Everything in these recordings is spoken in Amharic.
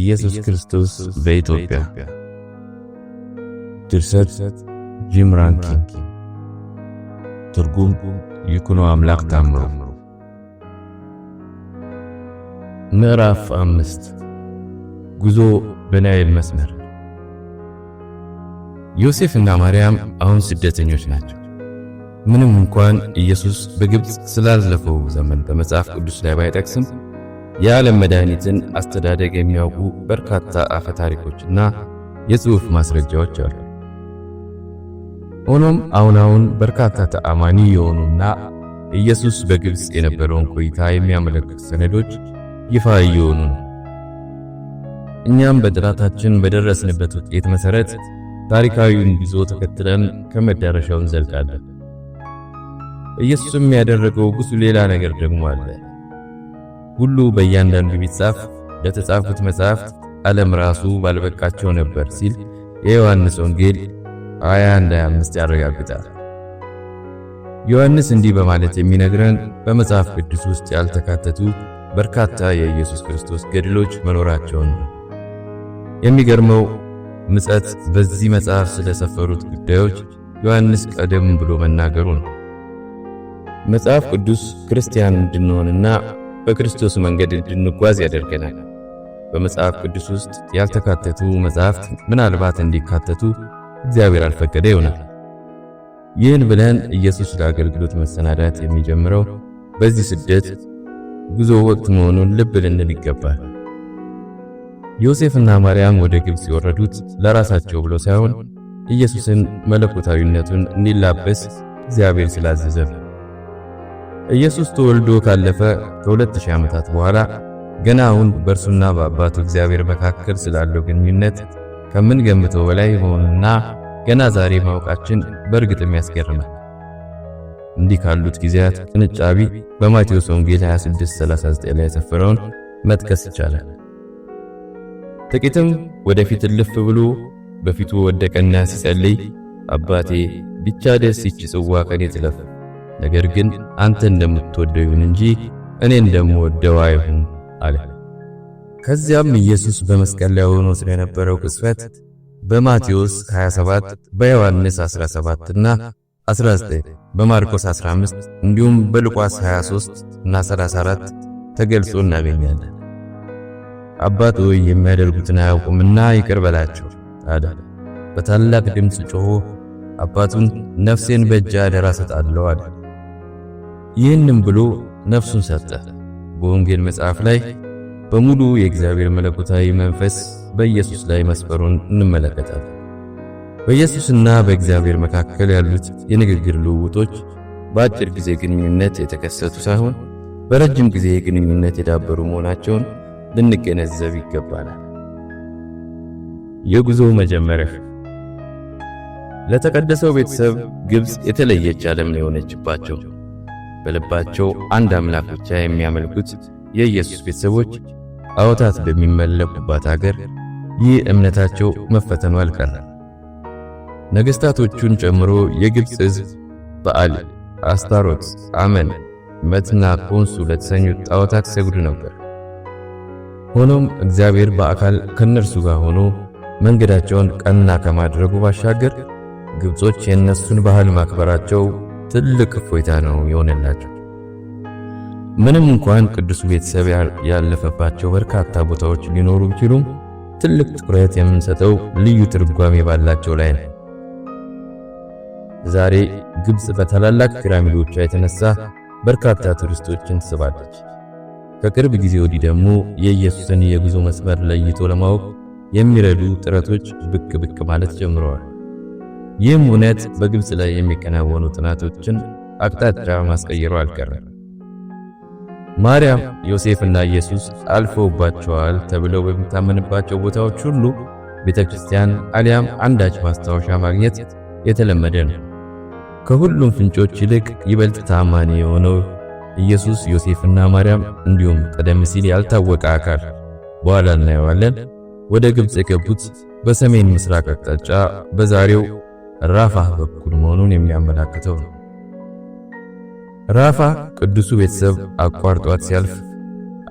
ኢየሱስ ክርስቶስ በኢትዮጵያ ድርሰት ጂም ራንኪን ትርጉም ይኩኖ አምላክ ታምሩ ምዕራፍ አምስት ጉዞ በናይል መስመር ዮሴፍ ማርያም አሁን ስደተኞች ናቸው። ምንም እንኳን ኢየሱስ በግብፅ ስላለፈው ዘመን በመጽሐፍ ቅዱስ ላይ ባይጠቅስም የዓለም መድኃኒትን አስተዳደግ የሚያውቁ በርካታ አፈ ታሪኮችና የጽሑፍ ማስረጃዎች አሉ። ሆኖም አሁን አሁን በርካታ ተአማኒ የሆኑና ኢየሱስ በግብፅ የነበረውን ቆይታ የሚያመለክቱ ሰነዶች ይፋ እየሆኑ ነው። እኛም በድራታችን በደረስንበት ውጤት መሰረት ታሪካዊውን ጉዞ ተከትለን ከመዳረሻው እንዘልቃለን። ኢየሱስም ያደረገው ብዙ ሌላ ነገር ደግሞ አለ። ሁሉ በእያንዳንዱ ቢጻፍ ለተጻፉት መጻሕፍት ዓለም ራሱ ባልበቃቸው ነበር ሲል የዮሐንስ ወንጌል 21:25 ያረጋግጣል። ዮሐንስ እንዲህ በማለት የሚነግረን በመጽሐፍ ቅዱስ ውስጥ ያልተካተቱ በርካታ የኢየሱስ ክርስቶስ ገድሎች መኖራቸውን ነው። የሚገርመው ምጸት በዚህ መጽሐፍ ስለሰፈሩት ጉዳዮች ዮሐንስ ቀደም ብሎ መናገሩ ነው። መጽሐፍ ቅዱስ ክርስቲያን እንድንሆንና በክርስቶስ መንገድ እንድንጓዝ ያደርገናል። በመጽሐፍ ቅዱስ ውስጥ ያልተካተቱ መጽሐፍት ምናልባት እንዲካተቱ እግዚአብሔር አልፈቀደ ይሆናል። ይህን ብለን ኢየሱስ ለአገልግሎት መሰናዳት የሚጀምረው በዚህ ስደት ጉዞ ወቅት መሆኑን ልብ ልንል ይገባል። ዮሴፍና ማርያም ወደ ግብፅ የወረዱት ለራሳቸው ብሎ ሳይሆን ኢየሱስን መለኮታዊነቱን እንዲላበስ እግዚአብሔር ስላዘዘ ኢየሱስ ተወልዶ ካለፈ ከሁለት 2000 ዓመታት በኋላ ገና አሁን በእርሱና በአባቱ እግዚአብሔር መካከል ስላለው ግንኙነት ከምንገምተው በላይ መሆኑና ገና ዛሬ ማወቃችን በእርግጥም ያስገርማል። እንዲህ ካሉት ጊዜያት ጥንጫቢ በማቴዎስ ወንጌል 26:39 ላይ የሰፈረውን መጥቀስ ይቻላል። ጥቂትም ወደፊት እልፍ ብሎ በፊቱ ወደቀና ሲጸልይ አባቴ ብቻ ደስ ይች ጽዋ ከኔ ትለፍ ነገር ግን አንተ እንደምትወደው ይሁን እንጂ እኔ እንደምወደው አይሁን አለ። ከዚያም ኢየሱስ በመስቀል ላይ ሆኖ ስለነበረው ቅስፈት በማቴዎስ 27 በዮሐንስ 17 እና 19 በማርቆስ 15 እንዲሁም በሉቃስ 23 እና 34 ተገልጾ እናገኛለን። አባት ሆይ የሚያደርጉትን አያውቁምና ይቅር በላቸው አለ። በታላቅ ድምፅ ጮሆ አባቱን ነፍሴን በእጅ አደራ ሰጣለሁ አለ። ይህንም ብሎ ነፍሱን ሰጠ። በወንጌል መጽሐፍ ላይ በሙሉ የእግዚአብሔር መለኮታዊ መንፈስ በኢየሱስ ላይ መስፈሩን እንመለከታለን። በኢየሱስና በእግዚአብሔር መካከል ያሉት የንግግር ልውውጦች በአጭር ጊዜ ግንኙነት የተከሰቱ ሳይሆን በረጅም ጊዜ ግንኙነት የዳበሩ መሆናቸውን ልንገነዘብ ይገባናል። የጉዞ መጀመሪያ ለተቀደሰው ቤተሰብ ግብጽ የተለየች ዓለም ነው የሆነችባቸው። በልባቸው አንድ አምላክ ብቻ የሚያመልኩት የኢየሱስ ቤተሰቦች አውታት በሚመለኩባት አገር ይህ እምነታቸው መፈተኑ አልቀረ። ነገስታቶቹን ጨምሮ የግብጽ ሕዝብ በዓል፣ አስታሮት፣ አመን፣ መትና ኮንሱ ለተሰኙት ጣዖታት ሰግዱ ነበር። ሆኖም እግዚአብሔር በአካል ከነርሱ ጋር ሆኖ መንገዳቸውን ቀና ከማድረጉ ባሻገር ግብጾች የእነሱን ባህል ማክበራቸው ትልቅ እፎይታ ነው የሆነላቸው። ምንም እንኳን ቅዱስ ቤተሰብ ያለፈባቸው በርካታ ቦታዎች ሊኖሩ ቢችሉም ትልቅ ትኩረት የምንሰጠው ልዩ ትርጓሜ ባላቸው ላይ ነው። ዛሬ ግብጽ በታላላቅ ፒራሚዶቿ የተነሳ በርካታ ቱሪስቶችን ትስባለች። ከቅርብ ጊዜ ወዲህ ደግሞ የኢየሱስን የጉዞ መስመር ለይቶ ለማወቅ የሚረዱ ጥረቶች ብቅ ብቅ ማለት ጀምረዋል። ይህም እውነት በግብፅ ላይ የሚከናወኑ ጥናቶችን አቅጣጫ ማስቀየሩ አልቀረም። ማርያም ዮሴፍና ኢየሱስ አልፈውባቸዋል ተብለው በሚታመንባቸው ቦታዎች ሁሉ ቤተክርስቲያን አሊያም አንዳች ማስታወሻ ማግኘት የተለመደ ነው። ከሁሉም ፍንጮች ይልቅ ይበልጥ ታማኒ የሆነው ኢየሱስ፣ ዮሴፍና ማርያም እንዲሁም ቀደም ሲል ያልታወቀ አካል በኋላ እናየዋለን ወደ ግብፅ የገቡት በሰሜን ምስራቅ አቅጣጫ በዛሬው ራፋ በኩል መሆኑን የሚያመላክተው ነው። ራፋ ቅዱሱ ቤተሰብ አቋርጧት ሲያልፍ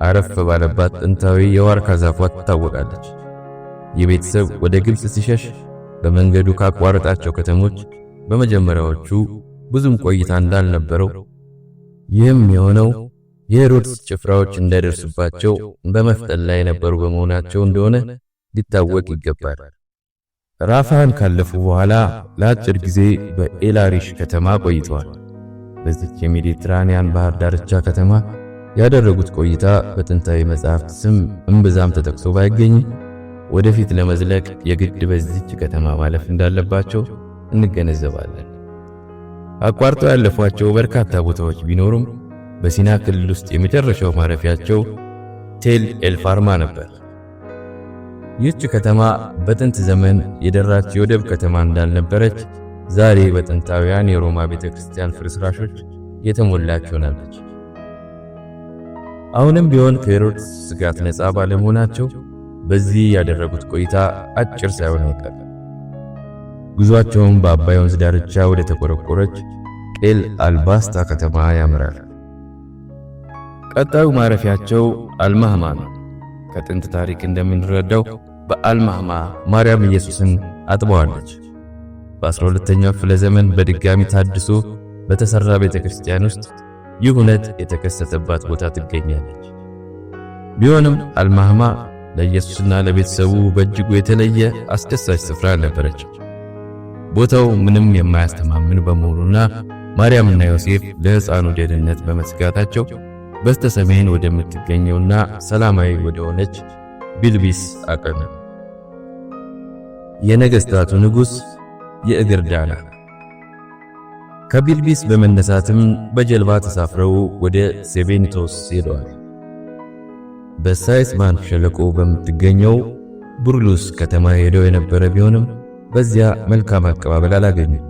አረፍ ባለባት ጥንታዊ የዋርካ ዛፏ ትታወቃለች። የቤተሰብ ወደ ግብጽ ሲሸሽ በመንገዱ ካቋረጣቸው ከተሞች በመጀመሪያዎቹ ብዙም ቆይታ እንዳልነበረው ይህም የሆነው የሄሮድስ ጭፍራዎች እንዳይደርሱባቸው በመፍጠን ላይ የነበሩ በመሆናቸው እንደሆነ ሊታወቅ ይገባል። ራፋን ካለፉ በኋላ ለአጭር ጊዜ በኤላሪሽ ከተማ ቆይተዋል። በዚች የሜዲትራንያን ባህር ዳርቻ ከተማ ያደረጉት ቆይታ በጥንታዊ መጽሐፍት ስም እምብዛም ተጠቅሶ ባይገኝ ወደፊት ለመዝለቅ የግድ በዚች ከተማ ማለፍ እንዳለባቸው እንገነዘባለን። አቋርጠው ያለፏቸው በርካታ ቦታዎች ቢኖሩም በሲና ክልል ውስጥ የመጨረሻው ማረፊያቸው ቴል ኤልፋርማ ነበር። ይህች ከተማ በጥንት ዘመን የደራች የወደብ ከተማ እንዳልነበረች ዛሬ በጥንታውያን የሮማ ቤተ ክርስቲያን ፍርስራሾች የተሞላች ሆናለች። አሁንም ቢሆን ከሄሮድስ ስጋት ነፃ ባለመሆናቸው በዚህ ያደረጉት ቆይታ አጭር ሳይሆን አይቀር። ጉዟቸውን በአባይ ወንዝ ዳርቻ ወደ ተቆረቆረች ኤል አልባስታ ከተማ ያመራል። ቀጣዩ ማረፊያቸው አልማህማ ነው። ከጥንት ታሪክ እንደምንረዳው በአልማህማ ማርያም ኢየሱስን አጥበዋለች። በ12ኛው ክፍለ ዘመን በድጋሚ ታድሶ በተሰራ ቤተክርስቲያን ውስጥ ይህ እውነት የተከሰተባት ቦታ ትገኛለች። ቢሆንም አልማህማ ለኢየሱስና ለቤተሰቡ በእጅጉ የተለየ አስደሳች ስፍራ ነበረች። ቦታው ምንም የማያስተማምን በመሆኑና ማርያምና ዮሴፍ ለሕፃኑ ደህንነት በመስጋታቸው በስተሰሜን ወደምትገኘውና ሰላማዊ ወደሆነች ቢልቢስ አቀነ። የነገስታቱ ንጉስ የእግር ዳና ከቢልቢስ በመነሳትም በጀልባ ተሳፍረው ወደ ሴቬንቶስ ሄደዋል። ማን ሸለቆ በምትገኘው ቡርሉስ ከተማ ሄደው የነበረ ቢሆንም በዚያ መልካም አቀባበል አላገኙም።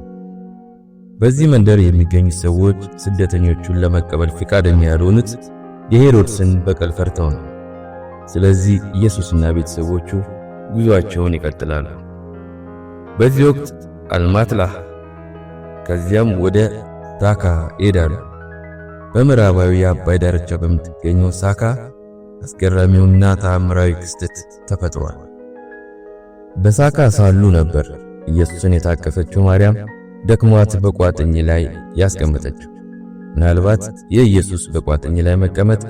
በዚህ መንደር የሚገኙ ሰዎች ስደተኞቹን ለመቀበል ፍቃድ ያልሆኑት የሄሮድስን በቀል ፈርተው ነው። ስለዚህ ኢየሱስና ቤተሰቦቹ ጉዟቸውን ይቀጥላሉ። በዚህ ወቅት አልማትላህ ከዚያም ወደ ታካ ይሄዳሉ። በምዕራባዊ የአባይ ዳርቻ በምትገኘው ሳካ አስገራሚውና ተአምራዊ ክስተት ተፈጥሯል። በሳካ ሳሉ ነበር ኢየሱስን የታቀፈችው ማርያም ደክሟት በቋጥኝ ላይ ያስቀመጠችው። ምናልባት የኢየሱስ በቋጥኝ ላይ መቀመጥ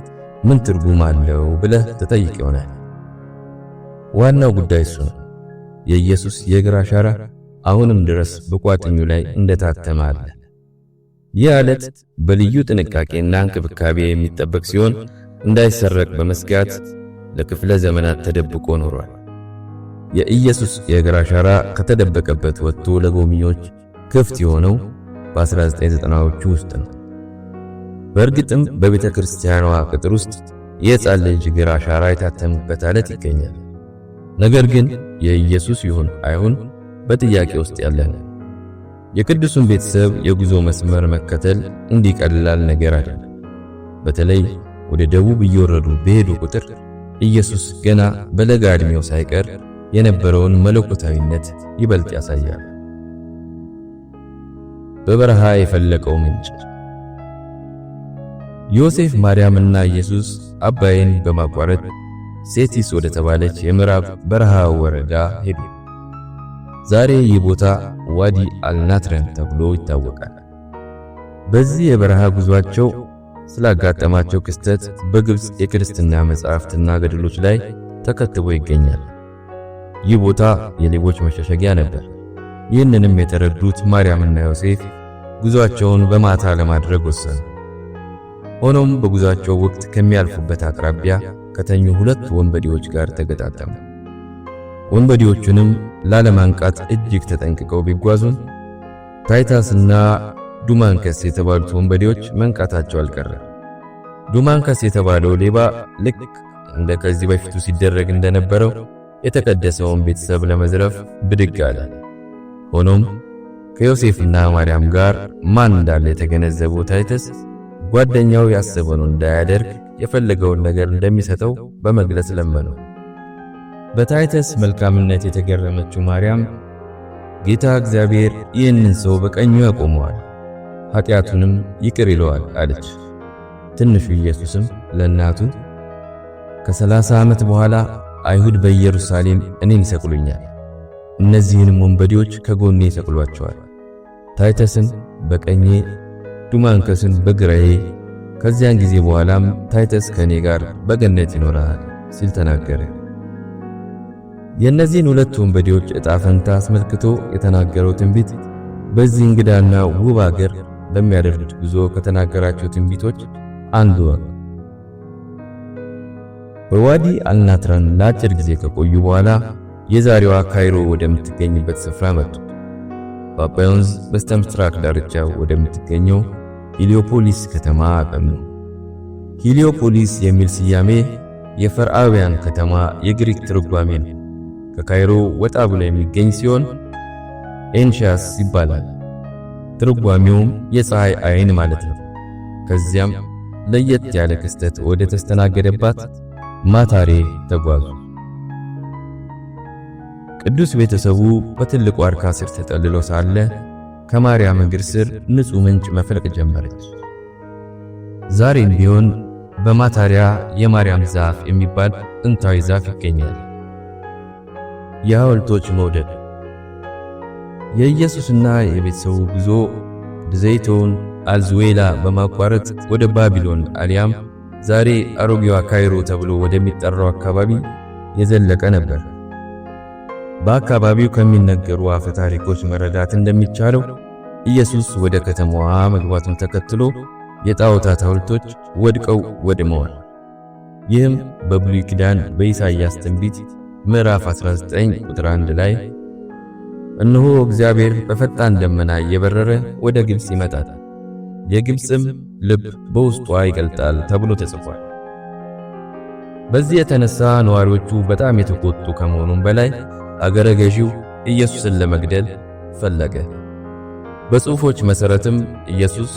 ምን ትርጉም አለው ብለህ ተጠይቅ ይሆናል። ዋናው ጉዳይ እሱ ነው። የኢየሱስ የእግር አሻራ አሁንም ድረስ በቋጥኙ ላይ እንደታተመ አለ። ይህ አለት በልዩ ጥንቃቄና እንክብካቤ የሚጠበቅ ሲሆን እንዳይሰረቅ በመስጋት ለክፍለ ዘመናት ተደብቆ ኖሯል። የኢየሱስ የእግር አሻራ ከተደበቀበት ወጥቶ ለጎብኚዎች ክፍት የሆነው በ1990ዎቹ ውስጥ ነው። በእርግጥም በቤተ ክርስቲያኗ ቅጥር ውስጥ የሕፃን ልጅ እግር አሻራ የታተመበት አለት ይገኛል። ነገር ግን የኢየሱስ ይሁን አይሁን በጥያቄ ውስጥ ያለ ነው። የቅዱሱን ቤተሰብ የጉዞ መስመር መከተል እንዲህ ቀላል ነገር አይደለም። በተለይ ወደ ደቡብ እየወረዱ በሄዱ ቁጥር ኢየሱስ ገና በለጋ ዕድሜው ሳይቀር የነበረውን መለኮታዊነት ይበልጥ ያሳያል። በበረሃ የፈለቀው ምንጭ ዮሴፍ ማርያምና ኢየሱስ አባይን በማቋረጥ ሴቲስ ወደ ተባለች የምዕራብ በረሃ ወረዳ ሄዱ። ዛሬ ይህ ቦታ ዋዲ አልናትረን ተብሎ ይታወቃል። በዚህ የበረሃ ጉዟቸው ስላጋጠማቸው ክስተት በግብጽ የክርስትና መጻሕፍትና ገድሎች ላይ ተከትቦ ይገኛል። ይህ ቦታ የሌቦች መሸሸጊያ ነበር። ይህንንም የተረዱት ማርያምና ዮሴፍ ጉዟቸውን በማታ ለማድረግ ወሰኑ። ሆኖም በጉዟቸው ወቅት ከሚያልፉበት አቅራቢያ ከተኙ ሁለት ወንበዴዎች ጋር ተገጣጠሙ። ወንበዴዎቹንም ላለማንቃት እጅግ ተጠንቅቀው ቢጓዙም ታይታስና ዱማንከስ የተባሉት ወንበዴዎች መንቃታቸው አልቀረ። ዱማንከስ የተባለው ሌባ ልክ እንደ ከዚህ በፊቱ ሲደረግ እንደነበረው የተቀደሰውን ቤተሰብ ለመዝረፍ ብድግ አለ። ሆኖም ከዮሴፍና ማርያም ጋር ማን እንዳለ የተገነዘበው ታይተስ ጓደኛው ያሰበውን እንዳያደርግ የፈለገውን ነገር እንደሚሰጠው በመግለጽ ለመነው። በታይተስ መልካምነት የተገረመችው ማርያም ጌታ እግዚአብሔር ይህንን ሰው በቀኙ ያቆመዋል፣ ኃጢአቱንም ይቅር ይለዋል አለች። ትንሹ ኢየሱስም ለእናቱ ከሰላሳ ዓመት በኋላ አይሁድ በኢየሩሳሌም እኔን ይሰቅሉኛል እነዚህንም ወንበዴዎች ከጎኔ ይሰቅሏቸዋል ታይተስን በቀኜ ዱማንከስን በግራዬ። ከዚያን ጊዜ በኋላም ታይተስ ከኔ ጋር በገነት ይኖራል ሲል ተናገረ። የእነዚህን ሁለት ወንበዴዎች ዕጣ ፈንታ አስመልክቶ የተናገረው ትንቢት በዚህ እንግዳና ውብ አገር ለሚያደርጉት ጉዞ ከተናገራቸው ትንቢቶች አንዱ ነው። በዋዲ አልናትራን ለአጭር ጊዜ ከቆዩ በኋላ የዛሬዋ ካይሮ ወደምትገኝበት ስፍራ መጡ። በአባይ ወንዝ በስተምስራቅ ዳርቻ ወደምትገኘው ሂሊዮፖሊስ ከተማ አቀኑ። ሂሊዮፖሊስ የሚል ስያሜ የፈርአውያን ከተማ የግሪክ ትርጓሜ ነው። ከካይሮ ወጣ ብሎ የሚገኝ ሲሆን ኤንሻስ ይባላል። ትርጓሜውም የፀሐይ አይን ማለት ነው። ከዚያም ለየት ያለ ክስተት ወደ ተስተናገደባት ማታሬ ተጓዙ። ቅዱስ ቤተሰቡ በትልቁ ዋርካ ስር ተጠልሎ ሳለ ከማርያም እግር ስር ንጹሕ ምንጭ መፍለቅ ጀመረች። ዛሬም ቢሆን በማታሪያ የማርያም ዛፍ የሚባል ጥንታዊ ዛፍ ይገኛል። የሐውልቶች መውደድ የኢየሱስና የቤተሰቡ ጉዞ ዘይቶን አልዝዌላ በማቋረጥ ወደ ባቢሎን አሊያም ዛሬ አሮጌዋ ካይሮ ተብሎ ወደሚጠራው አካባቢ የዘለቀ ነበር። በአካባቢው ከሚነገሩ አፈ ታሪኮች መረዳት እንደሚቻለው ኢየሱስ ወደ ከተማዋ መግባቱን ተከትሎ የጣዖታት ሐውልቶች ወድቀው ወድመዋል። ይህም በብሉይ ኪዳን በኢሳይያስ ትንቢት ምዕራፍ 19 ቁጥር 1 ላይ እነሆ እግዚአብሔር በፈጣን ደመና እየበረረ ወደ ግብጽ ይመጣል፣ የግብጽም ልብ በውስጧ ይገልጣል ተብሎ ተጽፏል። በዚህ የተነሳ ነዋሪዎቹ በጣም የተቆጡ ከመሆኑም በላይ አገረ ገዢው ኢየሱስን ለመግደል ፈለገ። በጽሑፎች መሠረትም ኢየሱስ፣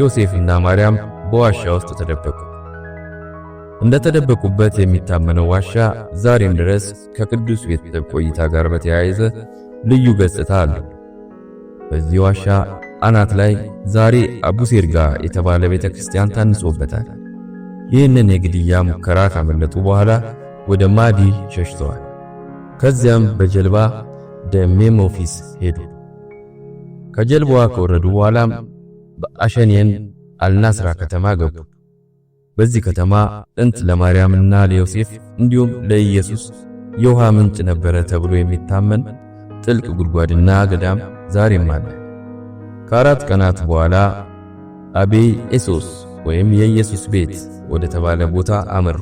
ዮሴፍና ማርያም በዋሻ ውስጥ ተደበቁ። እንደተደበቁበት የሚታመነው ዋሻ ዛሬም ድረስ ከቅዱስ ቤተሰብ ቆይታ ጋር በተያያዘ ልዩ ገጽታ አለው። በዚህ ዋሻ አናት ላይ ዛሬ አቡሴርጋ የተባለ ቤተክርስቲያን ታንጾበታል። ይህንን የግድያ ሙከራ ካመለጡ በኋላ ወደ ማዲ ሸሽተዋል። ከዚያም በጀልባ ሜሞፊስ ሄዱ። ከጀልባዋ ከወረዱ በኋላም በአሸኔን አልናስራ ከተማ ገቡ። በዚህ ከተማ ጥንት ለማርያምና ለዮሴፍ እንዲሁም ለኢየሱስ የውሃ ምንጭ ነበረ ተብሎ የሚታመን ጥልቅ ጉድጓድና ገዳም ዛሬም አለ። ከአራት ቀናት በኋላ አቤ ኤሶስ ወይም የኢየሱስ ቤት ወደ ተባለ ቦታ አመሩ።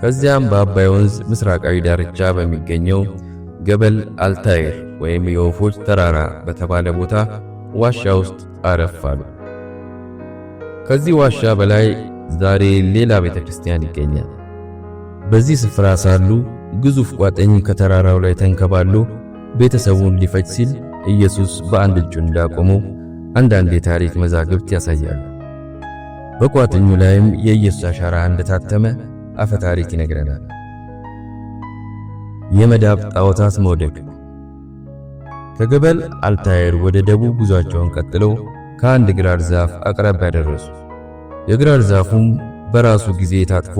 ከዚያም በአባይ ወንዝ ምስራቃዊ ዳርቻ በሚገኘው ገበል አልታይር ወይም የወፎች ተራራ በተባለ ቦታ ዋሻ ውስጥ አረፋሉ። ከዚህ ዋሻ በላይ ዛሬ ሌላ ቤተ ክርስቲያን ይገኛል። በዚህ ስፍራ ሳሉ ግዙፍ ቋጥኝ ከተራራው ላይ ተንከባሉ ቤተሰቡን ሊፈጅ ሲል ኢየሱስ በአንድ እጁ እንዳቆመው አንዳንድ የታሪክ መዛግብት ያሳያሉ። በቋጥኙ ላይም የኢየሱስ አሻራ እንደታተመ አፈ ታሪክ ይነግረናል። የመዳብ ጣዖታት መውደቅ ከገበል አልታየር ወደ ደቡብ ጉዟቸውን ቀጥለው ከአንድ ግራር ዛፍ አቅራቢያ ደረሱ። የግራር ዛፉም በራሱ ጊዜ ታጥፎ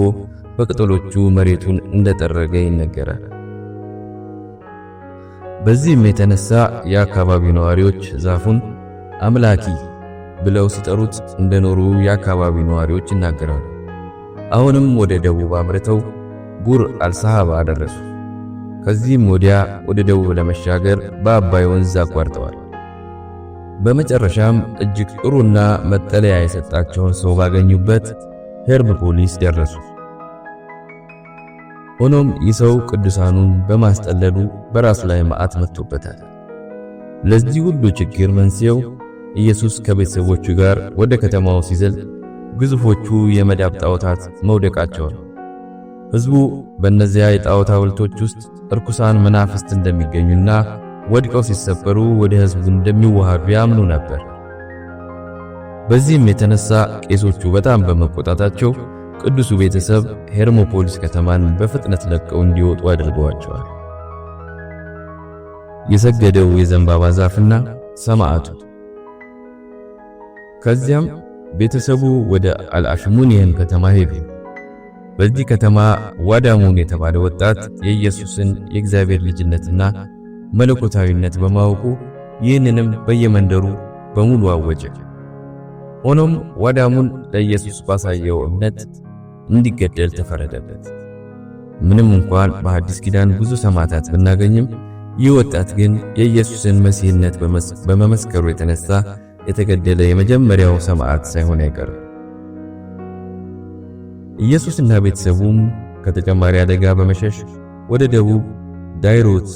በቅጠሎቹ መሬቱን እንደጠረገ ይነገራል። በዚህም የተነሳ የአካባቢው ነዋሪዎች ዛፉን አምላኪ ብለው ሲጠሩት እንደኖሩ የአካባቢው ነዋሪዎች ይናገራሉ። አሁንም ወደ ደቡብ አምርተው ቡር አልሰሃባ ደረሱ። ከዚህም ወዲያ ወደ ደቡብ ለመሻገር በአባይ ወንዝ አቋርጠዋል። በመጨረሻም እጅግ ጥሩና መጠለያ የሰጣቸውን ሰው ባገኙበት ሄርብ ፖሊስ ደረሱ። ሆኖም ይህ ሰው ቅዱሳኑን በማስጠለሉ በራሱ ላይ መዓት መጥቶበታል። ለዚህ ሁሉ ችግር መንስኤው ኢየሱስ ከቤተሰቦቹ ጋር ወደ ከተማው ሲዘልቅ ግዙፎቹ የመዳብ ጣዖታት መውደቃቸውን። ሕዝቡ በእነዚያ የጣዖት ሐውልቶች ውስጥ እርኩሳን መናፍስት እንደሚገኙና ወድቀው ሲሰበሩ ወደ ሕዝቡ እንደሚዋሃዱ ያምኑ ነበር። በዚህም የተነሳ ቄሶቹ በጣም በመቆጣታቸው ቅዱሱ ቤተሰብ ሄርሞፖሊስ ከተማን በፍጥነት ለቀው እንዲወጡ አድርገዋቸዋል። የሰገደው የዘንባባ ዛፍና ሰማዕቱ ከዚያም ቤተሰቡ ወደ አልአሽሙኒየን ከተማ ሄዱ። በዚህ ከተማ ዋዳሙን የተባለ ወጣት የኢየሱስን የእግዚአብሔር ልጅነትና መለኮታዊነት በማወቁ ይህንንም በየመንደሩ በሙሉ አወጀ። ሆኖም ዋዳሙን ለኢየሱስ ባሳየው እምነት እንዲገደል ተፈረደበት። ምንም እንኳን በአዲስ ኪዳን ብዙ ሰማዕታት ብናገኝም ይህ ወጣት ግን የኢየሱስን መሲህነት በመመስከሩ የተነሳ የተገደለ የመጀመሪያው ሰማዕት ሳይሆን አይቀርም። ኢየሱስና ቤተሰቡም ከተጨማሪ አደጋ በመሸሽ ወደ ደቡብ ዳይሮት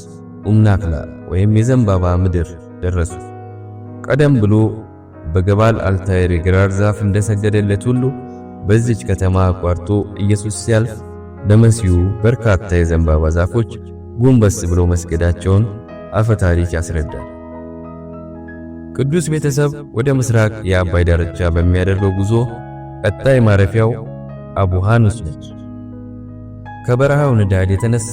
ኡምናክላ ወይም የዘንባባ ምድር ደረሱ። ቀደም ብሎ በገባል አልታይር የግራር ዛፍ እንደሰገደለት ሁሉ በዚች ከተማ አቋርጦ ኢየሱስ ሲያልፍ በመሲሁ በርካታ የዘንባባ ዛፎች ጎንበስ ብሎ መስገዳቸውን አፈ ታሪክ ያስረዳል። ቅዱስ ቤተሰብ ወደ ምስራቅ የአባይ ዳርቻ በሚያደርገው ጉዞ ቀጣይ ማረፊያው አቡሃኑስ ነች። ከበረሃው ንዳድ የተነሳ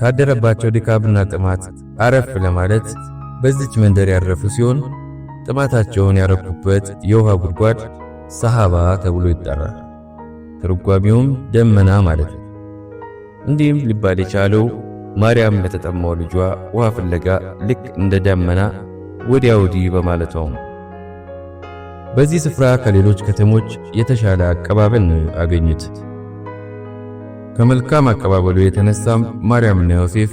ካደረባቸው ድካምና ጥማት አረፍ ለማለት በዚች መንደር ያረፉ ሲሆን ጥማታቸውን ያረኩበት የውሃ ጉድጓድ ሰሃባ ተብሎ ይጠራል። ትርጓሚውም ደመና ማለት ነው። እንዲህም ሊባል የቻለው ማርያም ለተጠማው ልጇ ውሃ ፍለጋ ልክ እንደ ደመና ወዲያ ወዲህ በማለት ነው። በዚህ ስፍራ ከሌሎች ከተሞች የተሻለ አቀባበል አገኙት። ከመልካም አቀባበሉ የተነሳም ማርያምና ዮሴፍ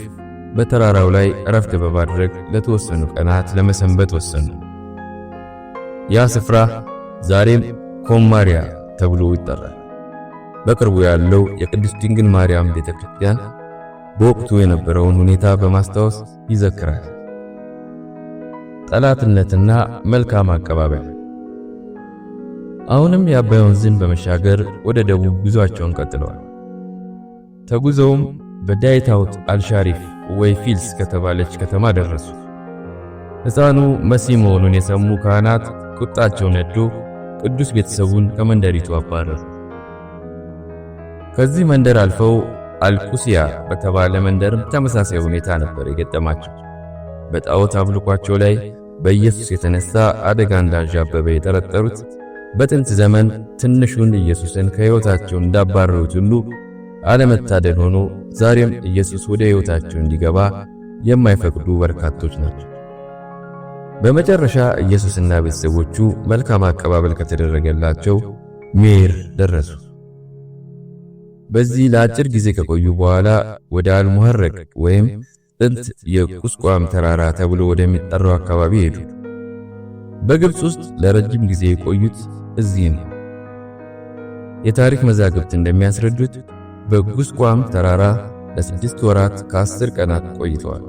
በተራራው ላይ እረፍት በማድረግ ለተወሰኑ ቀናት ለመሰንበት ወሰኑ። ያ ስፍራ ዛሬም ኮማሪያ ተብሎ ይጠራል። በቅርቡ ያለው የቅድስት ድንግል ማርያም ቤተክርስቲያን በወቅቱ የነበረውን ሁኔታ በማስታወስ ይዘክራል። ጠላትነትና መልካም አቀባበል። አሁንም የአባይ ወንዝን በመሻገር ወደ ደቡብ ጉዟቸውን ቀጥለዋል። ተጉዘውም በዳይታውት አልሻሪፍ ወይ ፊልስ ከተባለች ከተማ ደረሱ። ሕፃኑ መሲህ መሆኑን የሰሙ ካህናት ቁጣቸው ነዶ ቅዱስ ቤተሰቡን ከመንደሪቱ አባረሩ። ከዚህ መንደር አልፈው አልኩሲያ በተባለ መንደርም ተመሳሳይ ሁኔታ ነበር የገጠማቸው። በጣዖት አምልኳቸው ላይ በኢየሱስ የተነሳ አደጋ እንዳንዣበበ የጠረጠሩት በጥንት ዘመን ትንሹን ኢየሱስን ከሕይወታቸው እንዳባረሩት ሁሉ አለመታደል ሆኖ ዛሬም ኢየሱስ ወደ ሕይወታቸው እንዲገባ የማይፈቅዱ በርካቶች ናቸው። በመጨረሻ ኢየሱስና ቤተሰቦቹ መልካም አቀባበል ከተደረገላቸው ሜር ደረሱ። በዚህ ለአጭር ጊዜ ከቆዩ በኋላ ወደ አልሙሐረቅ ወይም ጥንት የቁስቋም ተራራ ተብሎ ወደሚጠራው አካባቢ ሄዱ። በግብፅ ውስጥ ለረጅም ጊዜ የቆዩት እዚህ ነው። የታሪክ መዛግብት እንደሚያስረዱት በቁስቋም ተራራ ለስድስት ወራት ከአስር ቀናት ቆይተዋል።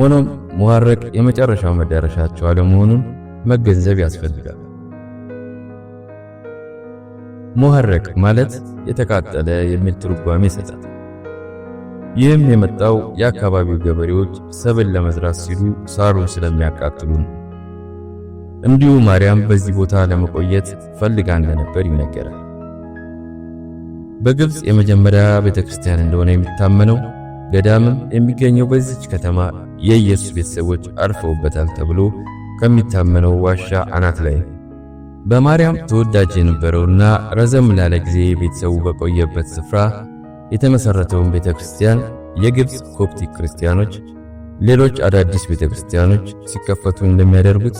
ሆኖም ሙሐረቅ የመጨረሻው መዳረሻቸው አለመሆኑን መገንዘብ ያስፈልጋል። ሙሐረቅ ማለት የተቃጠለ የሚል ትርጓሜ ይሰጣል። ይህም የመጣው የአካባቢው ገበሬዎች ሰብል ለመዝራት ሲሉ ሳሩን ስለሚያቃጥሉ ነው። እንዲሁ ማርያም በዚህ ቦታ ለመቆየት ፈልጋ እንደነበር ይነገራል። በግብጽ የመጀመሪያ ቤተክርስቲያን እንደሆነ የሚታመነው ገዳምም የሚገኘው በዚች ከተማ የኢየሱስ ቤተሰቦች አርፈውበታል ተብሎ ከሚታመነው ዋሻ አናት ላይ በማርያም ተወዳጅ የነበረውና ረዘም ላለ ጊዜ ቤተሰቡ በቆየበት ስፍራ የተመሰረተውን ቤተ ክርስቲያን የግብፅ ኮፕቲክ ክርስቲያኖች ሌሎች አዳዲስ ቤተ ክርስቲያኖች ሲከፈቱ እንደሚያደርጉት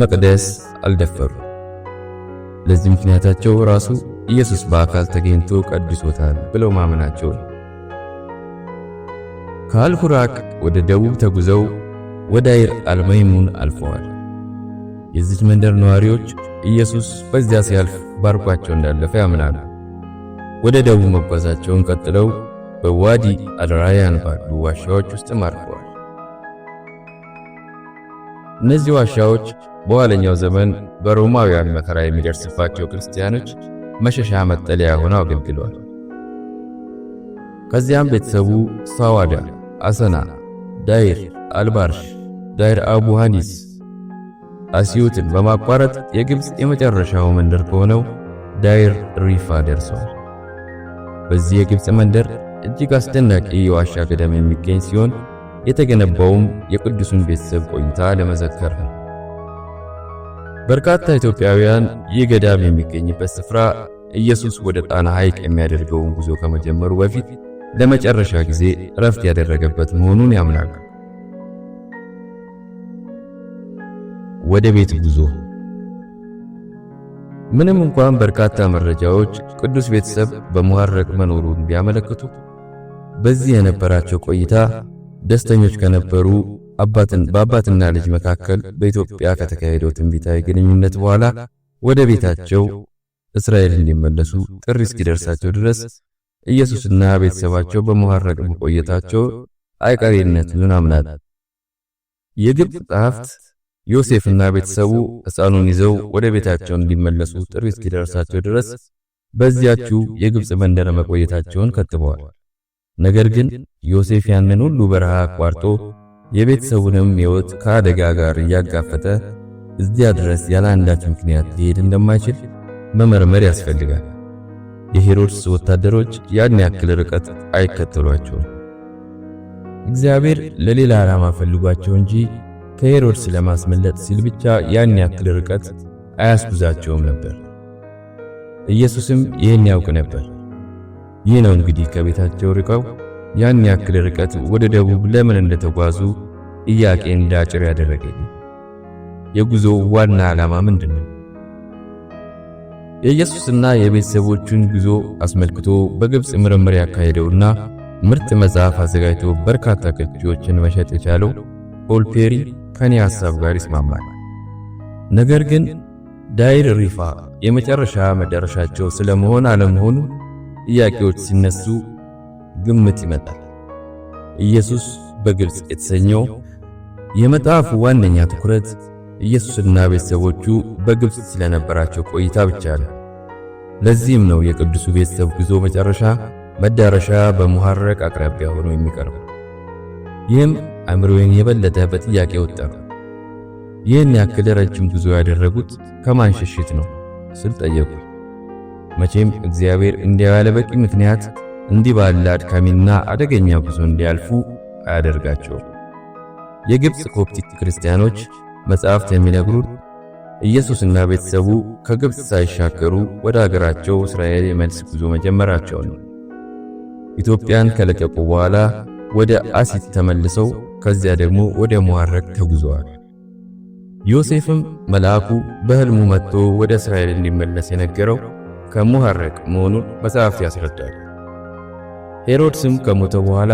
መቅደስ አልደፈሩ። ለዚህ ምክንያታቸው ራሱ ኢየሱስ በአካል ተገኝቶ ቀድሶታል ብለው ማመናቸው ነው። ከአልሁራቅ ወደ ደቡብ ተጉዘው ወደ አይር አልመይሙን አልፈዋል። የዚች መንደር ነዋሪዎች ኢየሱስ በዚያ ሲያልፍ ባርኳቸው እንዳለፈ ያምናሉ። ወደ ደቡብ መጓዛቸውን ቀጥለው በዋዲ አልራያን ባሉ ዋሻዎች ውስጥ ማርከዋል። እነዚህ ዋሻዎች በኋለኛው ዘመን በሮማውያን መከራ የሚደርስባቸው ክርስቲያኖች መሸሻ መጠለያ ሆነው አገልግለዋል። ከዚያም ቤተሰቡ ሳዋዳ፣ አሰና፣ ዳይር አልባርሽ፣ ዳይር አቡ ሃኒስ አሲዩትን በማቋረጥ የግብፅ የመጨረሻው መንደር ከሆነው ዳይር ሪፋ ደርሰዋል። በዚህ የግብፅ መንደር እጅግ አስደናቂ የዋሻ ገዳም የሚገኝ ሲሆን የተገነባውም የቅዱሱን ቤተሰብ ቆይታ ለመዘከር ነው። በርካታ ኢትዮጵያውያን ይህ ገዳም የሚገኝበት ስፍራ ኢየሱስ ወደ ጣና ሐይቅ የሚያደርገውን ጉዞ ከመጀመሩ በፊት ለመጨረሻ ጊዜ እረፍት ያደረገበት መሆኑን ያምናሉ። ወደ ቤት ጉዞ ምንም እንኳን በርካታ መረጃዎች ቅዱስ ቤተሰብ በሙሐረቅ መኖሩን ቢያመለክቱ በዚህ የነበራቸው ቆይታ ደስተኞች ከነበሩ አባትን በአባትና ልጅ መካከል በኢትዮጵያ ከተካሄደው ትንቢታዊ ግንኙነት በኋላ ወደ ቤታቸው እስራኤል እንዲመለሱ ጥሪ እስኪደርሳቸው ድረስ ኢየሱስና ቤተሰባቸው በሙሐረቅ መቆየታቸው አይቀሬነቱን አምናል። የግብፅ ጸሐፍት ዮሴፍና ቤተሰቡ ሕፃኑን ይዘው ወደ ቤታቸው እንዲመለሱ ጥሪ እስኪደርሳቸው ድረስ በዚያችው የግብጽ መንደር መቆየታቸውን ከትበዋል። ነገር ግን ዮሴፍ ያንን ሁሉ በረሃ አቋርጦ የቤተሰቡንም ሕይወት ከአደጋ ጋር እያጋፈጠ እዚያ ድረስ ያለ አንዳች ምክንያት ሊሄድ እንደማይችል መመርመር ያስፈልጋል። የሄሮድስ ወታደሮች ያን ያክል ርቀት አይከተሏቸውም። እግዚአብሔር ለሌላ ዓላማ ፈልጓቸው እንጂ ከሄሮድስ ለማስመለጥ ሲል ብቻ ያን ያክል ርቀት አያስጉዛቸውም ነበር። ኢየሱስም ይህን ያውቅ ነበር። ይህ ነው እንግዲህ ከቤታቸው ርቀው ያን ያክል ርቀት ወደ ደቡብ ለምን እንደተጓዙ ጥያቄ እንዳጭር ያደረገኝ። የጉዞው ዋና ዓላማ ምንድን ነው? የኢየሱስና የቤተሰቦቹን ጉዞ አስመልክቶ በግብፅ ምርምር ያካሄደውና ምርጥ መጽሐፍ አዘጋጅቶ በርካታ ቅጂዎችን መሸጥ የቻለው ፖል ፔሪ ከኔ ሐሳብ ጋር ይስማማል። ነገር ግን ዳይር ሪፋ የመጨረሻ መዳረሻቸው ስለመሆን አለመሆኑ ጥያቄዎች ሲነሱ ግምት ይመጣል። ኢየሱስ በግልጽ የተሰኘው የመጽሐፉ ዋነኛ ትኩረት ኢየሱስና ቤተሰቦቹ በግብፅ ስለነበራቸው ቆይታ ብቻ ነው። ለዚህም ነው የቅዱሱ ቤተሰብ ጉዞ መጨረሻ መዳረሻ በሙሐረቅ አቅራቢያ ሆኖ የሚቀርበው። ይህም አእምሮዬን የበለጠ በጥያቄ ወጠረ። ይህን ያክል ረጅም ጉዞ ያደረጉት ከማን ሽሽት ነው ስል ጠየቁ። መቼም እግዚአብሔር እንዲያው ያለ በቂ ምክንያት እንዲህ ባለ አድካሚና አደገኛ ጉዞ እንዲያልፉ አያደርጋቸውም። የግብፅ ኮፕቲክ ክርስቲያኖች መጽሐፍት የሚነግሩት ኢየሱስና ቤተሰቡ ከግብፅ ሳይሻገሩ ወደ አገራቸው እስራኤል የመልስ ጉዞ መጀመራቸው ነው። ኢትዮጵያን ከለቀቁ በኋላ ወደ አሲት ተመልሰው ከዚያ ደግሞ ወደ መዋረቅ ተጉዘዋል። ዮሴፍም መልአኩ በህልሙ መጥቶ ወደ እስራኤል እንዲመለስ የነገረው ከሙሐረቅ መሆኑን መጽሐፍት ያስረዳል። ሄሮድስም ከሞተ በኋላ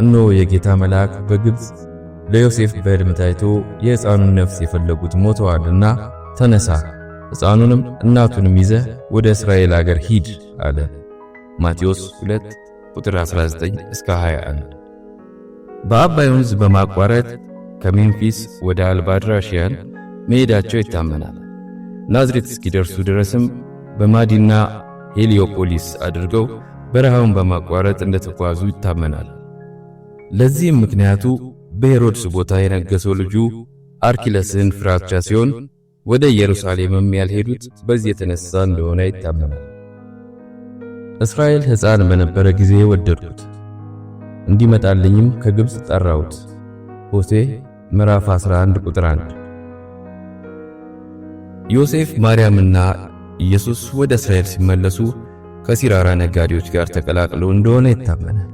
እነሆ የጌታ መልአክ በግብፅ ለዮሴፍ በህልም ታይቶ የሕፃኑን ነፍስ የፈለጉት ሞተዋልና ተነሳ፣ ሕፃኑንም እናቱንም ይዘ ወደ እስራኤል አገር ሂድ አለ። ማቴዎስ 2 ቁጥር 19 እስከ 21 በአባይ ወንዝ በማቋረጥ ከሜምፊስ ወደ አልባድራሽያን መሄዳቸው ይታመናል። ናዝሬት እስኪደርሱ ድረስም በማዲና ሄሊዮፖሊስ አድርገው በረሃውን በማቋረጥ እንደተጓዙ ይታመናል። ለዚህም ምክንያቱ በሄሮድስ ቦታ የነገሰው ልጁ አርኪለስን ፍራቻ ሲሆን ወደ ኢየሩሳሌምም ያልሄዱት በዚህ የተነሳ እንደሆነ ይታመናል። እስራኤል ሕፃን በነበረ ጊዜ ወደድኩት። እንዲመጣልኝም ከግብፅ ጠራሁት። ሆሴ ምዕራፍ 11 ቁጥር 1። ዮሴፍ ማርያምና ኢየሱስ ወደ እስራኤል ሲመለሱ ከሲራራ ነጋዴዎች ጋር ተቀላቅለው እንደሆነ ይታመናል።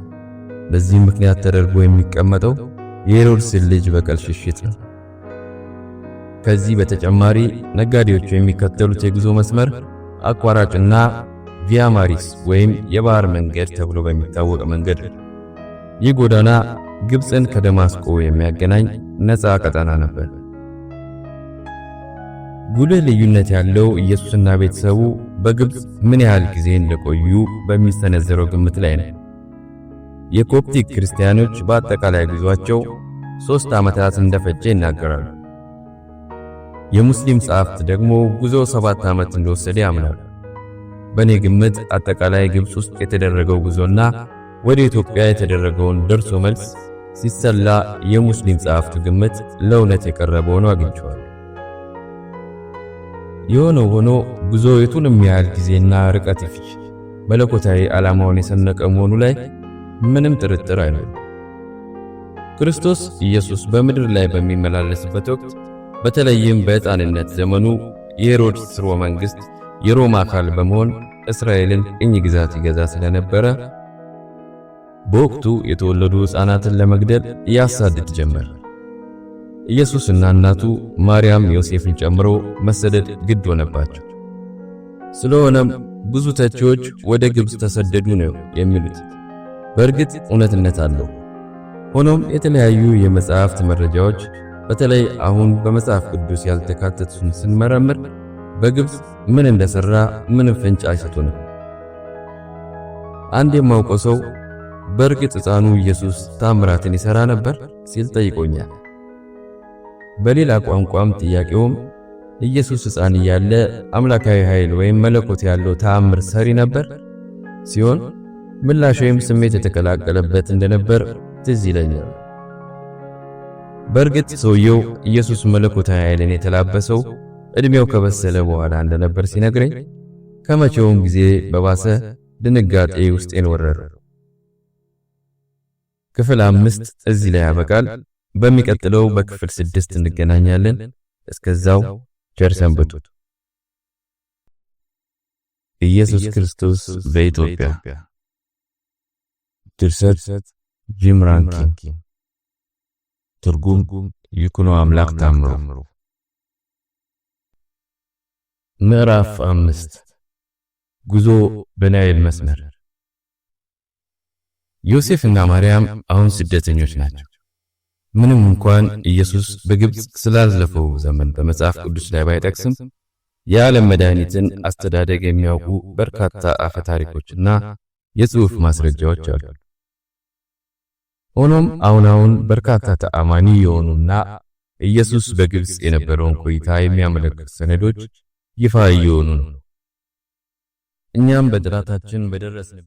በዚህም ምክንያት ተደርጎ የሚቀመጠው የሄሮድስን ልጅ በቀል ሽሽት ነው። ከዚህ በተጨማሪ ነጋዴዎቹ የሚከተሉት የጉዞ መስመር አቋራጭና ቪያ ማሪስ ወይም የባህር መንገድ ተብሎ በሚታወቅ መንገድ ነው። ይህ ጎዳና ግብፅን ከደማስቆ የሚያገናኝ ነፃ ቀጠና ነበር። ጉልህ ልዩነት ያለው ኢየሱስና ቤተሰቡ በግብፅ ምን ያህል ጊዜ እንደቆዩ በሚሰነዘረው ግምት ላይ ነው። የኮፕቲክ ክርስቲያኖች በአጠቃላይ ጉዟቸው ሦስት ዓመታት እንደፈጀ ይናገራሉ። የሙስሊም ጸሐፍት ደግሞ ጉዞ ሰባት ዓመት እንደወሰደ ያምናሉ። በእኔ ግምት አጠቃላይ ግብፅ ውስጥ የተደረገው ጉዞና ወደ ኢትዮጵያ የተደረገውን ደርሶ መልስ ሲሰላ የሙስሊም ጸሐፍቱ ግምት ለእውነት የቀረበ ሆኖ አግኝቸዋል። የሆነው ሆኖ ጉዞ የቱንም ያህል ጊዜና ርቀት ይፍጅ መለኮታዊ ዓላማውን የሰነቀ መሆኑ ላይ ምንም ጥርጥር አይኖርም። ክርስቶስ ኢየሱስ በምድር ላይ በሚመላለስበት ወቅት በተለይም በሕፃንነት ዘመኑ የሄሮድስ ስርወ መንግሥት የሮማ አካል በመሆን እስራኤልን ቅኝ ግዛት ይገዛ ስለነበረ በወቅቱ የተወለዱ ሕፃናትን ለመግደል ያሳድድ ጀመር። ኢየሱስና እናቱ ማርያም ዮሴፍን ጨምሮ መሰደድ ግድ ሆነባቸው። ስለሆነም ብዙ ተቺዎች ወደ ግብፅ ተሰደዱ ነው የሚሉት። በእርግጥ እውነትነት አለው። ሆኖም የተለያዩ የመጽሐፍት መረጃዎች በተለይ አሁን በመጽሐፍ ቅዱስ ያልተካተቱን ስንመረምር በግብፅ ምን እንደሰራ ምንም ፍንጭ አይሰጡንም። አንድ የማውቀው ሰው በእርግጥ ሕፃኑ ኢየሱስ ታምራትን ይሠራ ነበር ሲል ጠይቆኛል። በሌላ ቋንቋም ጥያቄውም ኢየሱስ ሕፃን እያለ አምላካዊ ኃይል ወይም መለኮት ያለው ተአምር ሰሪ ነበር ሲሆን ምላሽ ወይም ስሜት የተቀላቀለበት እንደነበር ትዝ ይለኛል። በእርግጥ ሰውየው ኢየሱስ መለኮታዊ ኃይልን የተላበሰው ዕድሜው ከበሰለ በኋላ እንደነበር ሲነግረኝ ከመቼውም ጊዜ በባሰ ድንጋጤ ውስጤን ወረረ። ክፍል አምስት እዚህ ላይ ያበቃል። በሚቀጥለው በክፍል ስድስት እንገናኛለን። እስከዛው ቸር ሰንብቱ። ኢየሱስ ክርስቶስ በኢትዮጵያ ድርሰት ጂም ራንኪን፣ ትርጉም ይኩኖ አምላክ ታምሮ። ምዕራፍ አምስት ጉዞ በናይል መስመር ዮሴፍ እና ማርያም አሁን ስደተኞች ናቸው። ምንም እንኳን ኢየሱስ በግብፅ ስላለፈው ዘመን በመጽሐፍ ቅዱስ ላይ ባይጠቅስም የዓለም መድኃኒትን አስተዳደግ የሚያውቁ በርካታ አፈ ታሪኮችና የጽሑፍ ማስረጃዎች አሉ። ሆኖም አሁን አሁን በርካታ ተአማኒ የሆኑና ኢየሱስ በግብፅ የነበረውን ቆይታ የሚያመለክቱ ሰነዶች ይፋ እየሆኑ ነው። እኛም በድራታችን በደረስን